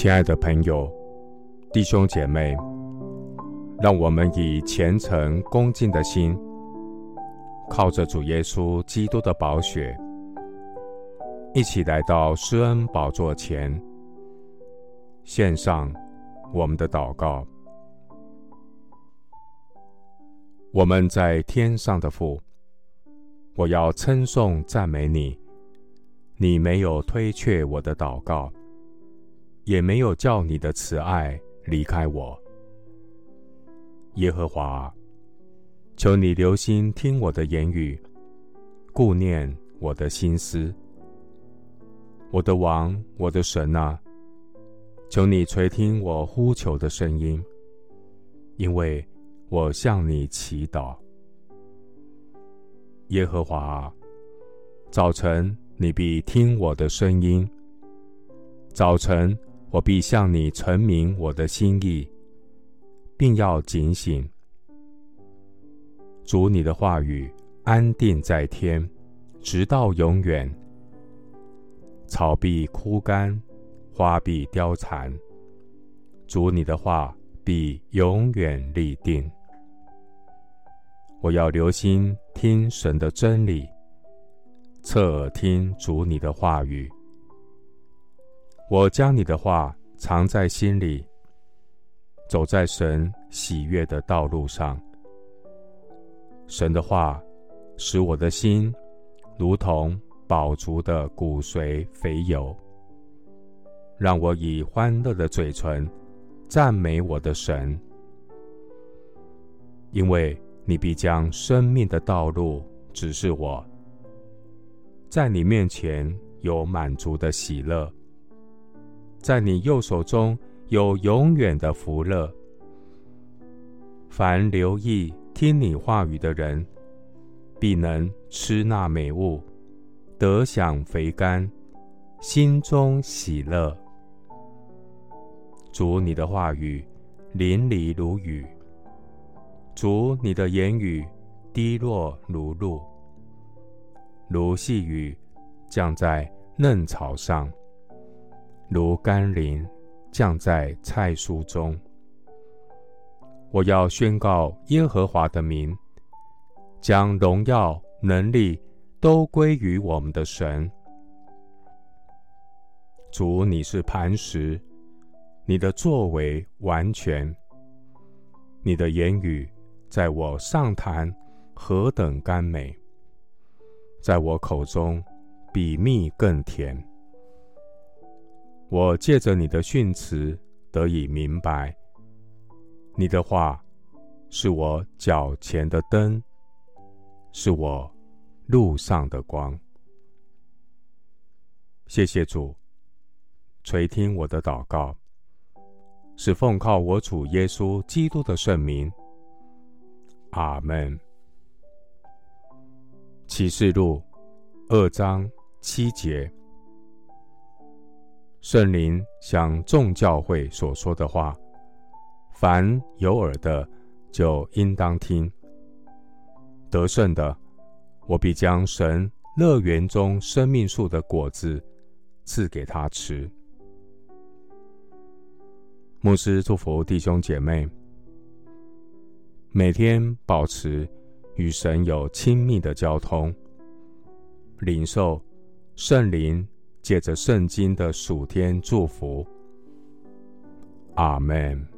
親愛的朋友、弟兄姐妹，讓我們以虔誠恭敬的心，靠着主耶穌基督的寶血，一起來到施恩寶座前，獻上我們的禱告。我們在天上的父，我要稱頌讚美你，你沒有推卻我的禱告。也沒有叫你的慈愛離開我，耶和華，求你留心聽我的言語，顧念我的心思，我的王，我的神啊，求你垂聽我呼求的聲音，因為我向你祈禱。耶和華，早晨你必聽我的聲音，早晨。我必向你陳明我的心意，並要警醒。主你的話語安定在天，直到永遠。草必枯乾，花必凋殘。主你的話必永遠立定。我要留心聽神的真理，側耳聽主你的話語。我將你的話藏在心裡，走在神喜悅的道路上。神的話使我的心如同飽足的骨髓肥油，讓我以歡樂的嘴唇讚美我的神，因為你必將生命的道路指示我，在你面前有滿足的喜樂。在你右手中有永遠的福樂。凡留意聽你話語的人，必能吃那美物，得享肥甘，心中喜樂。主你的話語淋漓如雨，主你的言語滴落如露，如細雨降在嫩草上。如甘霖降在菜蔬中，我要宣告耶和華的名，將榮耀能力都歸於我們的神。主，你是磐石，你的作為完全，你的言語在我上膛何等甘美，在我口中比蜜更甜。我借着你的訓詞得以明白，你的話是我腳前的燈，是我路上的光。謝謝主垂聽我的禱告，是奉靠我主耶穌基督的聖名。阿門。啟示錄二章七節。聖靈向眾教會所說的話，凡有耳的，就應當聽。得勝的，我必將神樂園中生命樹的果子賜給他吃。牧師祝福弟兄姐妹，每天保持與神有親密的交通，領受聖靈。借着聖經的屬天祝福，阿門。